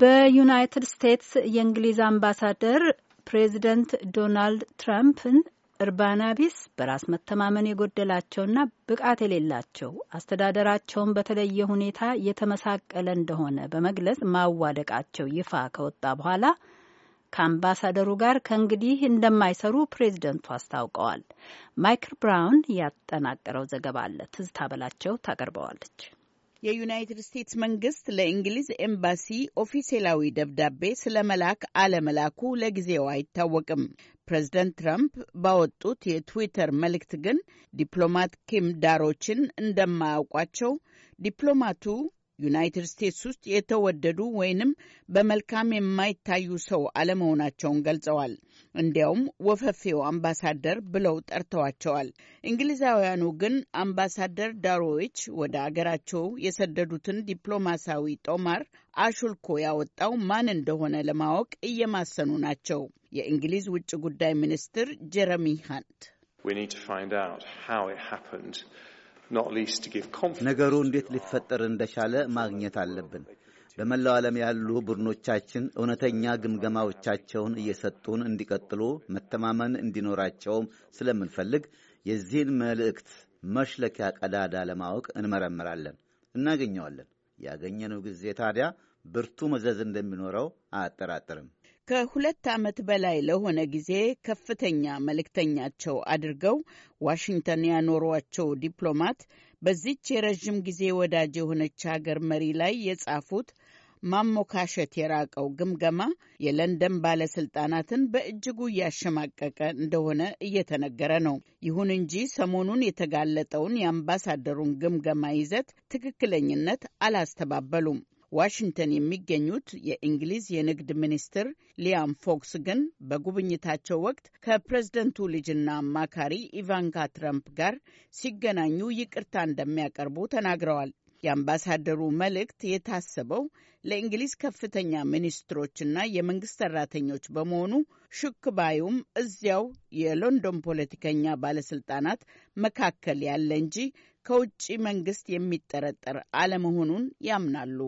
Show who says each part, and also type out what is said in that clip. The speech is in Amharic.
Speaker 1: በዩናይትድ ስቴትስ የእንግሊዝ አምባሳደር ፕሬዚደንት ዶናልድ ትራምፕን እርባና ቢስ በራስ መተማመን የጎደላቸውና ብቃት የሌላቸው አስተዳደራቸውን በተለየ ሁኔታ የተመሳቀለ እንደሆነ በመግለጽ ማዋደቃቸው ይፋ ከወጣ በኋላ ከአምባሳደሩ ጋር ከእንግዲህ እንደማይሰሩ ፕሬዚደንቱ አስታውቀዋል። ማይክል ብራውን ያጠናቀረው ዘገባ አለ። ትዝታ በላቸው ታቀርበዋለች። የዩናይትድ ስቴትስ መንግስት
Speaker 2: ለእንግሊዝ ኤምባሲ ኦፊሴላዊ ደብዳቤ ስለ መላክ አለመላኩ ለጊዜው አይታወቅም። ፕሬዝደንት ትራምፕ ባወጡት የትዊተር መልእክት ግን ዲፕሎማት ኪም ዳሮችን እንደማያውቋቸው ዲፕሎማቱ ዩናይትድ ስቴትስ ውስጥ የተወደዱ ወይንም በመልካም የማይታዩ ሰው አለመሆናቸውን ገልጸዋል። እንዲያውም ወፈፌው አምባሳደር ብለው ጠርተዋቸዋል። እንግሊዛውያኑ ግን አምባሳደር ዳሮዎች ወደ አገራቸው የሰደዱትን ዲፕሎማሲያዊ ጦማር አሹልኮ ያወጣው ማን እንደሆነ ለማወቅ እየማሰኑ ናቸው። የእንግሊዝ ውጭ ጉዳይ
Speaker 3: ሚኒስትር ጀረሚ ሃንት ነገሩ እንዴት ሊፈጠር እንደቻለ ማግኘት አለብን። በመላው ዓለም ያሉ ቡድኖቻችን እውነተኛ ግምገማዎቻቸውን እየሰጡን እንዲቀጥሉ መተማመን እንዲኖራቸውም ስለምንፈልግ የዚህን መልእክት መሽለኪያ ቀዳዳ ለማወቅ እንመረምራለን፣ እናገኘዋለን። ያገኘነው ጊዜ ታዲያ ብርቱ መዘዝ እንደሚኖረው አያጠራጥርም።
Speaker 2: ከሁለት ዓመት በላይ ለሆነ ጊዜ ከፍተኛ መልእክተኛቸው አድርገው ዋሽንግተን ያኖሯቸው ዲፕሎማት በዚች የረዥም ጊዜ ወዳጅ የሆነች ሀገር መሪ ላይ የጻፉት ማሞካሸት የራቀው ግምገማ የለንደን ባለስልጣናትን በእጅጉ እያሸማቀቀ እንደሆነ እየተነገረ ነው። ይሁን እንጂ ሰሞኑን የተጋለጠውን የአምባሳደሩን ግምገማ ይዘት ትክክለኝነት አላስተባበሉም። ዋሽንግተን የሚገኙት የእንግሊዝ የንግድ ሚኒስትር ሊያም ፎክስ ግን በጉብኝታቸው ወቅት ከፕሬዝደንቱ ልጅና አማካሪ ኢቫንካ ትራምፕ ጋር ሲገናኙ ይቅርታ እንደሚያቀርቡ ተናግረዋል። የአምባሳደሩ መልእክት የታሰበው ለእንግሊዝ ከፍተኛ ሚኒስትሮችና የመንግስት ሰራተኞች በመሆኑ ሹክባዩም እዚያው የሎንዶን ፖለቲከኛ ባለስልጣናት መካከል ያለ እንጂ ከውጭ መንግስት የሚጠረጠር አለመሆኑን ያምናሉ።